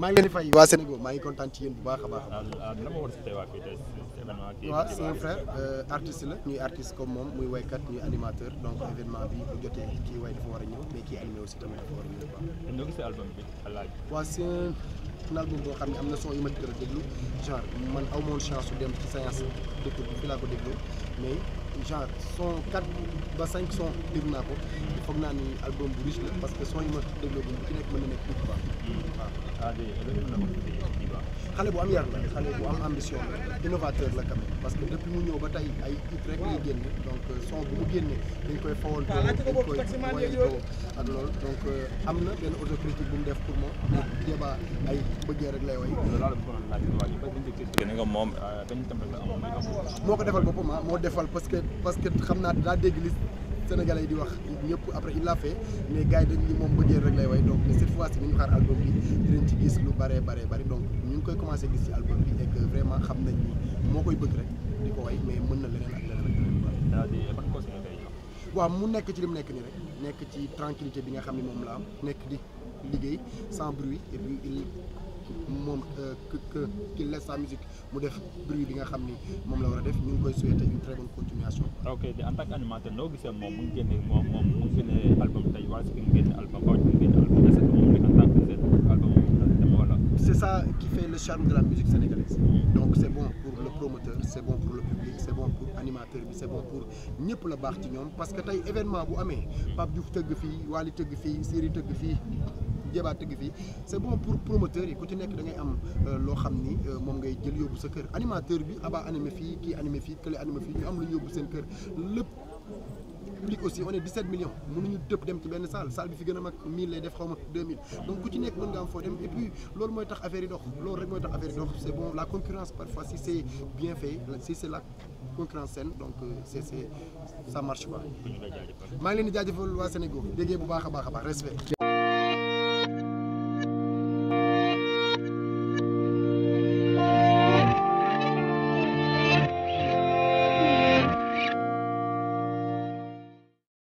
maa ngi leen di fay waa Sénégal maa ngi kontaan ci yéen bu baax a baax ah, ah, waaw sama frère euh, artiste la ñuy artiste comme moom muy waykat ñuy animateur donc événement bi bu jotee kii way dafa war a ñëw mais kii animé aussi tamit dafa war a ñëw bu baax surtout boobu boo xam ne am na son yu ma gën a déglu genre man aw moon chance su dem ci séance dëkk bi laa ko déglu mais genre son quatre ba cinq son déglu naa ko foog naa ni album bu riche la parce que son yu ma dégloo bu ci nekk mën na nekk tuuti hmm. ah, waaw xale bu am yar la xale bu am ambition la innovateur la quand parce que depuis mu ñëw ba tey ay it rek lay génn donc euh, son bu mu génnee dañ koy fawal ko dañ koy donc euh, am na benn autocritique bu mu def pour moom mais débat ay bëggee rek lay way moo ko defal boppam ah. ah, moo defal parce que parce que xam naa daa dégg sénégal yi di wax ñëpp après il l'a fait mais gars ni moom bëggee rek lay way donc mais cette fois ci nañu xaar album bi dinañ ci gis lu bare bare bari donc ñu ngi koy commencé gis ci album bi et vraiment xam nañ moo koy bëgg rek di ko way mais mën na leneen ak leneen ak leneen waaw mu nekk ci li mu nekk ni rek nekk ci tranquillité bi nga xam ne moom la am nekk di liggéey sans bruit et il moom ki euh, laisse sa musique mu def bruit bi nga xam ni moom la war a def ñu ngi koy souhaiter une très continuation. ok en tant que animateur noo gisee moom mu ngi génne moom moom mu ngi génne album tey wala si mu génne album wala mu génne album. le charme de la musique sénégalaise donc c'est bon pour le promoteur c'est bon pour le public c'est bon pour animateur bi c'est bon pour ñëpp la baax ci ñoom parce que tey événement bu amee Pape Diouf tëgg fii waali tëgg fii Siri tëgg fii Jéba tëgg fii c'est bon pour promoteur yi ku ci nekk da ngay am euh, loo xam ni euh, moom ngay jël yóbbu sa kër animateur bi Aba animé fii kii animé fii kële animé fii ñu am lu yóbbu seen kër lépp public aussi on est 17 millions mënuñu dëpp dem ci benn salle salle bi fi gën a mag 1000 lay def xaw ma 2000 donc ku ci nekk mën nga am foo dem et puis loolu mooy tax affaire yi dox loolu rek mooy tax affaire yi dox c'est bon la concurrence parfois si c'est bien fait si c'est la concurrence saine donc euh, c'est c'est ça marche quoi maa leen di jaajëfal waa Sénégal déggee bu baax a baax a baax respect